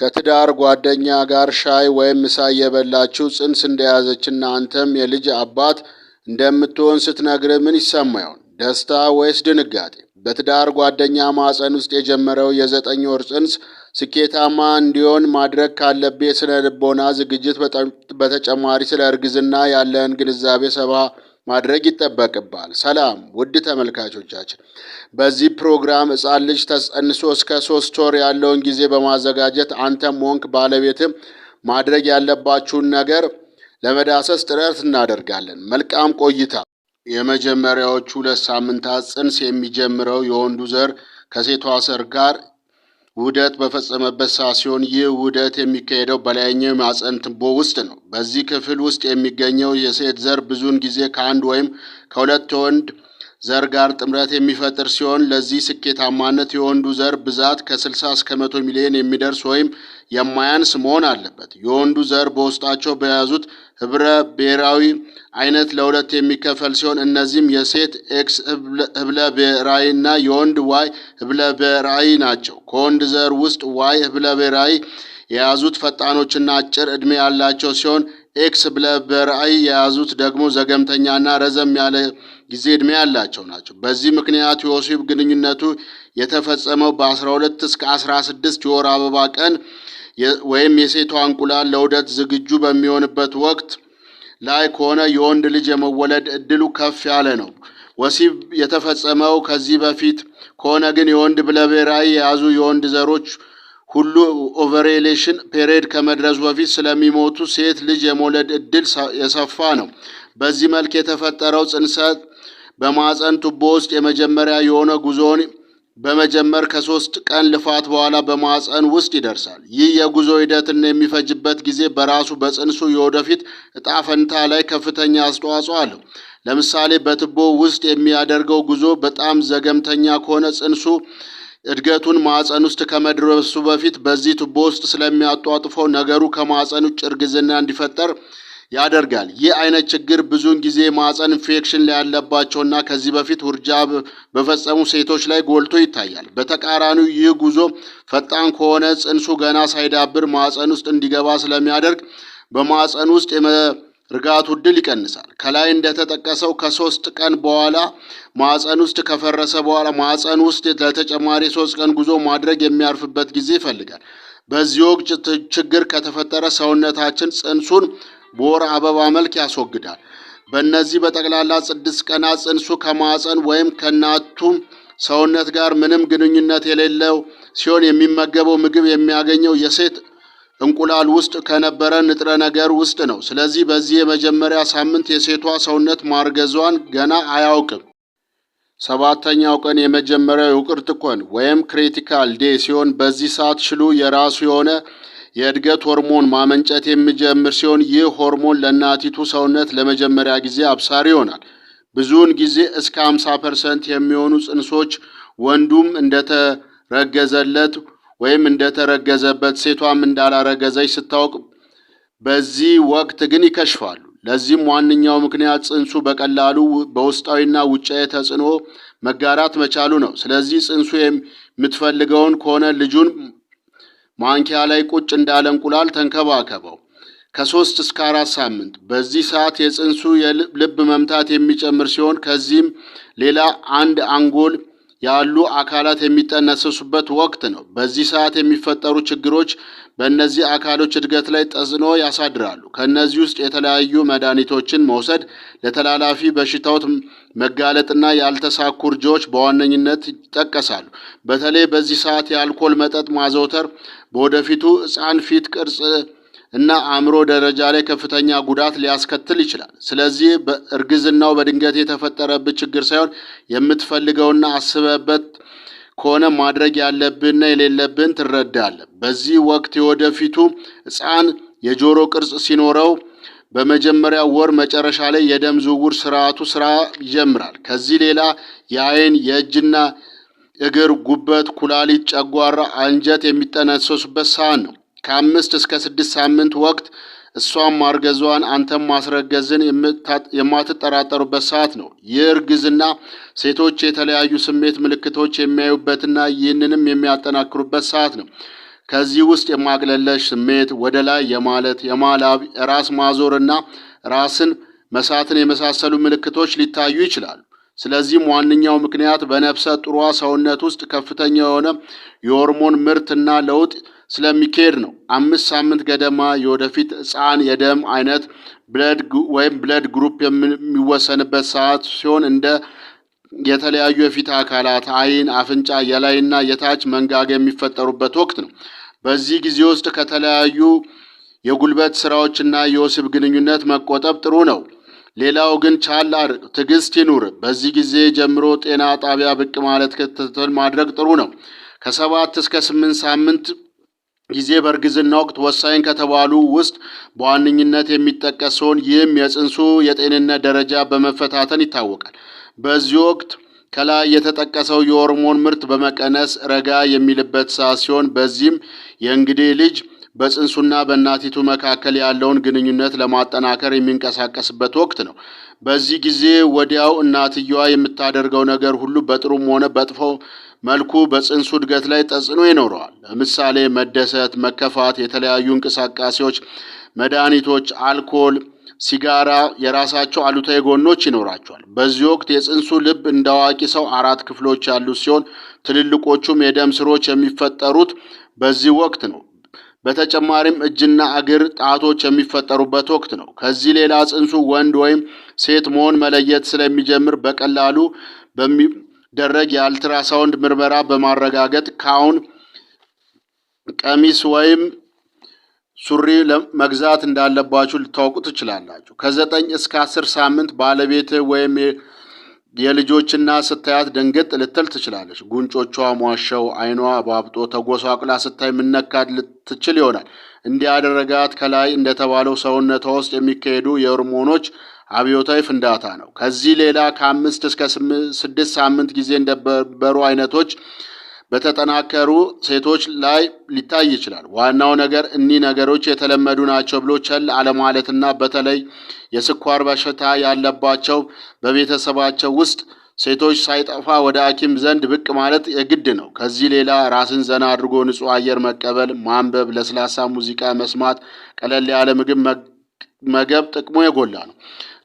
ከትዳር ጓደኛ ጋር ሻይ ወይም ምሳ እየበላችሁ ጽንስ እንደያዘችና አንተም የልጅ አባት እንደምትሆን ስትነግር ምን ይሰማውን? ደስታ ወይስ ድንጋጤ? በትዳር ጓደኛ ማዕፀን ውስጥ የጀመረው የዘጠኝ ወር ጽንስ ስኬታማ እንዲሆን ማድረግ ካለብህ የስነ ልቦና ዝግጅት በተጨማሪ ስለ እርግዝና ያለህን ግንዛቤ ሰባ ማድረግ ይጠበቅባል። ሰላም ውድ ተመልካቾቻችን፣ በዚህ ፕሮግራም ሕፃን ልጅ ተጸንሶ እስከ ሶስት ወር ያለውን ጊዜ በማዘጋጀት አንተም ወንክ ባለቤትም ማድረግ ያለባችሁን ነገር ለመዳሰስ ጥረት እናደርጋለን። መልካም ቆይታ። የመጀመሪያዎቹ ሁለት ሳምንታት ጽንስ የሚጀምረው የወንዱ ዘር ከሴቷ ዘር ጋር ውህደት በፈጸመበት ሰዓት ሲሆን ይህ ውህደት የሚካሄደው በላይኛው የማፀን ትቦ ውስጥ ነው። በዚህ ክፍል ውስጥ የሚገኘው የሴት ዘር ብዙውን ጊዜ ከአንድ ወይም ከሁለት ወንድ ዘር ጋር ጥምረት የሚፈጥር ሲሆን ለዚህ ስኬታማነት የወንዱ ዘር ብዛት ከ60 እስከ 100 ሚሊዮን የሚደርስ ወይም የማያንስ መሆን አለበት። የወንዱ ዘር በውስጣቸው በያዙት ህብረ ብሔራዊ አይነት ለሁለት የሚከፈል ሲሆን እነዚህም የሴት ኤክስ ህብለ ብሔራዊ እና የወንድ ዋይ ህብለ ብሔራዊ ናቸው። ከወንድ ዘር ውስጥ ዋይ ህብለ ብሔራዊ የያዙት ፈጣኖችና አጭር ዕድሜ ያላቸው ሲሆን ኤክስ ብለ በራእይ የያዙት ደግሞ ዘገምተኛና ረዘም ያለ ጊዜ ዕድሜ ያላቸው ናቸው። በዚህ ምክንያት ዮሴፍ ግንኙነቱ የተፈጸመው በ12 እስከ 16 የወር አበባ ቀን ወይም የሴቷ እንቁላል ለውደት ዝግጁ በሚሆንበት ወቅት ላይ ከሆነ የወንድ ልጅ የመወለድ እድሉ ከፍ ያለ ነው። ወሲብ የተፈጸመው ከዚህ በፊት ከሆነ ግን የወንድ ብለ በራእይ የያዙ የወንድ ዘሮች ሁሉ ኦቨሬሌሽን ፔሬድ ከመድረሱ በፊት ስለሚሞቱ ሴት ልጅ የመውለድ እድል የሰፋ ነው። በዚህ መልክ የተፈጠረው ጽንሰት በማፀን ቱቦ ውስጥ የመጀመሪያ የሆነ ጉዞውን በመጀመር ከሶስት ቀን ልፋት በኋላ በማፀን ውስጥ ይደርሳል። ይህ የጉዞ ሂደትን የሚፈጅበት ጊዜ በራሱ በጽንሱ የወደፊት እጣ ፈንታ ላይ ከፍተኛ አስተዋጽኦ አለው። ለምሳሌ በቱቦ ውስጥ የሚያደርገው ጉዞ በጣም ዘገምተኛ ከሆነ ጽንሱ እድገቱን ማዕፀን ውስጥ ከመድረሱ በፊት በዚህ ቱቦ ውስጥ ስለሚያጧጥፈው ነገሩ ከማዕፀን ውጭ እርግዝና እንዲፈጠር ያደርጋል። ይህ አይነት ችግር ብዙውን ጊዜ ማዕፀን ኢንፌክሽን ያለባቸውና ከዚህ በፊት ውርጃ በፈጸሙ ሴቶች ላይ ጎልቶ ይታያል። በተቃራኒው ይህ ጉዞ ፈጣን ከሆነ ጽንሱ ገና ሳይዳብር ማዕፀን ውስጥ እንዲገባ ስለሚያደርግ በማዕፀን ውስጥ ርጋቱ ድል ይቀንሳል። ከላይ እንደተጠቀሰው ከሶስት ቀን በኋላ ማዕፀን ውስጥ ከፈረሰ በኋላ ማዕፀን ውስጥ ለተጨማሪ ሶስት ቀን ጉዞ ማድረግ የሚያርፍበት ጊዜ ይፈልጋል። በዚህ ወቅት ችግር ከተፈጠረ ሰውነታችን ጽንሱን በወር አበባ መልክ ያስወግዳል። በእነዚህ በጠቅላላ ስድስት ቀናት ጽንሱ ከማዕፀን ወይም ከእናቱ ሰውነት ጋር ምንም ግንኙነት የሌለው ሲሆን የሚመገበው ምግብ የሚያገኘው የሴት እንቁላል ውስጥ ከነበረ ንጥረ ነገር ውስጥ ነው። ስለዚህ በዚህ የመጀመሪያ ሳምንት የሴቷ ሰውነት ማርገዟን ገና አያውቅም። ሰባተኛው ቀን የመጀመሪያው የውቅርት ኮን ወይም ክሪቲካል ዴ ሲሆን በዚህ ሰዓት ሽሉ የራሱ የሆነ የእድገት ሆርሞን ማመንጨት የሚጀምር ሲሆን ይህ ሆርሞን ለእናቲቱ ሰውነት ለመጀመሪያ ጊዜ አብሳሪ ይሆናል። ብዙውን ጊዜ እስከ 50 ፐርሰንት የሚሆኑ ጽንሶች ወንዱም እንደተረገዘለት ወይም እንደተረገዘበት ሴቷም እንዳላረገዘች ስታውቅ በዚህ ወቅት ግን ይከሽፋሉ። ለዚህም ዋነኛው ምክንያት ጽንሱ በቀላሉ በውስጣዊና ውጫዊ ተጽዕኖ መጋራት መቻሉ ነው። ስለዚህ ጽንሱ የምትፈልገውን ከሆነ ልጁን ማንኪያ ላይ ቁጭ እንዳለ እንቁላል ተንከባከበው ከሶስት እስከ አራት ሳምንት። በዚህ ሰዓት የጽንሱ የልብ መምታት የሚጨምር ሲሆን ከዚህም ሌላ አንድ አንጎል ያሉ አካላት የሚጠነሰሱበት ወቅት ነው። በዚህ ሰዓት የሚፈጠሩ ችግሮች በእነዚህ አካሎች እድገት ላይ ተጽዕኖ ያሳድራሉ። ከእነዚህ ውስጥ የተለያዩ መድኃኒቶችን መውሰድ፣ ለተላላፊ በሽታዎች መጋለጥና ያልተሳኩ እርጃዎች በዋነኝነት ይጠቀሳሉ። በተለይ በዚህ ሰዓት የአልኮል መጠጥ ማዘውተር በወደፊቱ ሕፃን ፊት ቅርጽ እና አእምሮ ደረጃ ላይ ከፍተኛ ጉዳት ሊያስከትል ይችላል። ስለዚህ በእርግዝናው በድንገት የተፈጠረብህ ችግር ሳይሆን የምትፈልገውና አስበበት ከሆነ ማድረግ ያለብንና የሌለብን ትረዳለህ። በዚህ ወቅት የወደፊቱ ሕፃን የጆሮ ቅርጽ ሲኖረው በመጀመሪያ ወር መጨረሻ ላይ የደም ዝውውር ስርዓቱ ስራ ይጀምራል። ከዚህ ሌላ የአይን፣ የእጅና እግር፣ ጉበት፣ ኩላሊት፣ ጨጓራ፣ አንጀት የሚጠነሰሱበት ሳህን ነው። ከአምስት እስከ ስድስት ሳምንት ወቅት እሷም ማርገዟን አንተም ማስረገዝን የማትጠራጠሩበት ሰዓት ነው። ይህ እርግዝና ሴቶች የተለያዩ ስሜት ምልክቶች የሚያዩበትና ይህንንም የሚያጠናክሩበት ሰዓት ነው። ከዚህ ውስጥ የማቅለለሽ ስሜት፣ ወደ ላይ የማለት የማላብ፣ ራስ ማዞርና ራስን መሳትን የመሳሰሉ ምልክቶች ሊታዩ ይችላሉ። ስለዚህም ዋነኛው ምክንያት በነፍሰ ጥሯ ሰውነት ውስጥ ከፍተኛ የሆነ የሆርሞን ምርትና ለውጥ ስለሚካሄድ ነው። አምስት ሳምንት ገደማ የወደፊት ህፃን የደም አይነት ብለድ ወይም ብለድ ግሩፕ የሚወሰንበት ሰዓት ሲሆን እንደ የተለያዩ የፊት አካላት አይን፣ አፍንጫ፣ የላይና የታች መንጋጋ የሚፈጠሩበት ወቅት ነው። በዚህ ጊዜ ውስጥ ከተለያዩ የጉልበት ስራዎችና የወሲብ ግንኙነት መቆጠብ ጥሩ ነው። ሌላው ግን ቻል አድርግ፣ ትዕግስት ይኑር። በዚህ ጊዜ ጀምሮ ጤና ጣቢያ ብቅ ማለት ክትትል ማድረግ ጥሩ ነው። ከሰባት እስከ ስምንት ሳምንት ጊዜ በእርግዝና ወቅት ወሳኝ ከተባሉ ውስጥ በዋነኝነት የሚጠቀስ ሲሆን ይህም የፅንሱ የጤንነት ደረጃ በመፈታተን ይታወቃል። በዚህ ወቅት ከላይ የተጠቀሰው የሆርሞን ምርት በመቀነስ ረጋ የሚልበት ሰዓት ሲሆን በዚህም የእንግዴ ልጅ በፅንሱና በእናቲቱ መካከል ያለውን ግንኙነት ለማጠናከር የሚንቀሳቀስበት ወቅት ነው። በዚህ ጊዜ ወዲያው እናትየዋ የምታደርገው ነገር ሁሉ በጥሩም ሆነ በጥፎ መልኩ በጽንሱ እድገት ላይ ተጽዕኖ ይኖረዋል። ለምሳሌ መደሰት፣ መከፋት፣ የተለያዩ እንቅስቃሴዎች፣ መድኃኒቶች፣ አልኮል፣ ሲጋራ የራሳቸው አሉታዊ ጎኖች ይኖራቸዋል። በዚህ ወቅት የጽንሱ ልብ እንደ አዋቂ ሰው አራት ክፍሎች ያሉት ሲሆን ትልልቆቹም የደም ስሮች የሚፈጠሩት በዚህ ወቅት ነው። በተጨማሪም እጅና እግር፣ ጣቶች የሚፈጠሩበት ወቅት ነው። ከዚህ ሌላ ጽንሱ ወንድ ወይም ሴት መሆን መለየት ስለሚጀምር በቀላሉ ደረግ የአልትራሳውንድ ምርመራ በማረጋገጥ ካውን ቀሚስ ወይም ሱሪ መግዛት እንዳለባችሁ ልታውቁ ትችላላችሁ። ከዘጠኝ እስከ አስር ሳምንት ባለቤት ወይም የልጆችና ስታያት ደንገጥ ልትል ትችላለች። ጉንጮቿ ሟሸው፣ አይኗ ባብጦ ተጎሳቁላ ስታይ ምነካድ ልትችል ይሆናል። እንዲያደረጋት ከላይ እንደተባለው ሰውነቷ ውስጥ የሚካሄዱ የሆርሞኖች አብዮታዊ ፍንዳታ ነው። ከዚህ ሌላ ከአምስት እስከ ስድስት ሳምንት ጊዜ እንደበሩ አይነቶች በተጠናከሩ ሴቶች ላይ ሊታይ ይችላል። ዋናው ነገር እኒህ ነገሮች የተለመዱ ናቸው ብሎ ቸል አለማለትና በተለይ የስኳር በሽታ ያለባቸው በቤተሰባቸው ውስጥ ሴቶች ሳይጠፋ ወደ ሐኪም ዘንድ ብቅ ማለት የግድ ነው። ከዚህ ሌላ ራስን ዘና አድርጎ ንጹህ አየር መቀበል፣ ማንበብ፣ ለስላሳ ሙዚቃ መስማት፣ ቀለል ያለ ምግብ መገብ ጥቅሙ የጎላ ነው።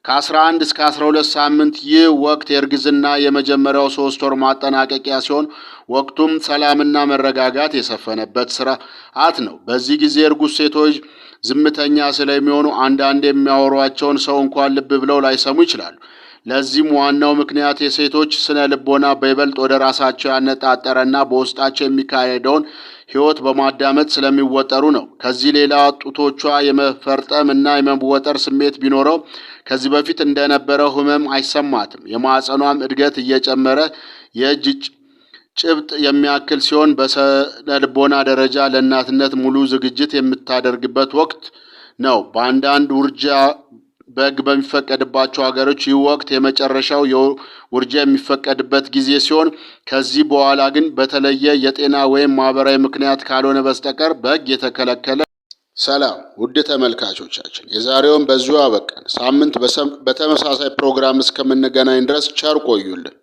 ከ11 እስከ 12 ሳምንት ይህ ወቅት የእርግዝና የመጀመሪያው ሶስት ወር ማጠናቀቂያ ሲሆን ወቅቱም ሰላምና መረጋጋት የሰፈነበት ስርዓት ነው። በዚህ ጊዜ እርጉዝ ሴቶች ዝምተኛ ስለሚሆኑ አንዳንድ የሚያወሯቸውን ሰው እንኳን ልብ ብለው ላይሰሙ ይችላሉ። ለዚህም ዋናው ምክንያት የሴቶች ስነ ልቦና በይበልጥ ወደ ራሳቸው ያነጣጠረና በውስጣቸው የሚካሄደውን ሕይወት በማዳመጥ ስለሚወጠሩ ነው። ከዚህ ሌላ ጡቶቿ የመፈርጠም እና የመወጠር ስሜት ቢኖረው ከዚህ በፊት እንደነበረው ህመም አይሰማትም። የማዕፀኗም እድገት እየጨመረ የእጅ ጭብጥ የሚያክል ሲሆን በስነ ልቦና ደረጃ ለእናትነት ሙሉ ዝግጅት የምታደርግበት ወቅት ነው። በአንዳንድ ውርጃ በሕግ በሚፈቀድባቸው ሀገሮች ይህ ወቅት የመጨረሻው ውርጃ የሚፈቀድበት ጊዜ ሲሆን ከዚህ በኋላ ግን በተለየ የጤና ወይም ማህበራዊ ምክንያት ካልሆነ በስተቀር በሕግ የተከለከለ ሰላም ውድ ተመልካቾቻችን፣ የዛሬውን በዚሁ አበቃን። ሳምንት በተመሳሳይ ፕሮግራም እስከምንገናኝ ድረስ ቸር ቆዩልን።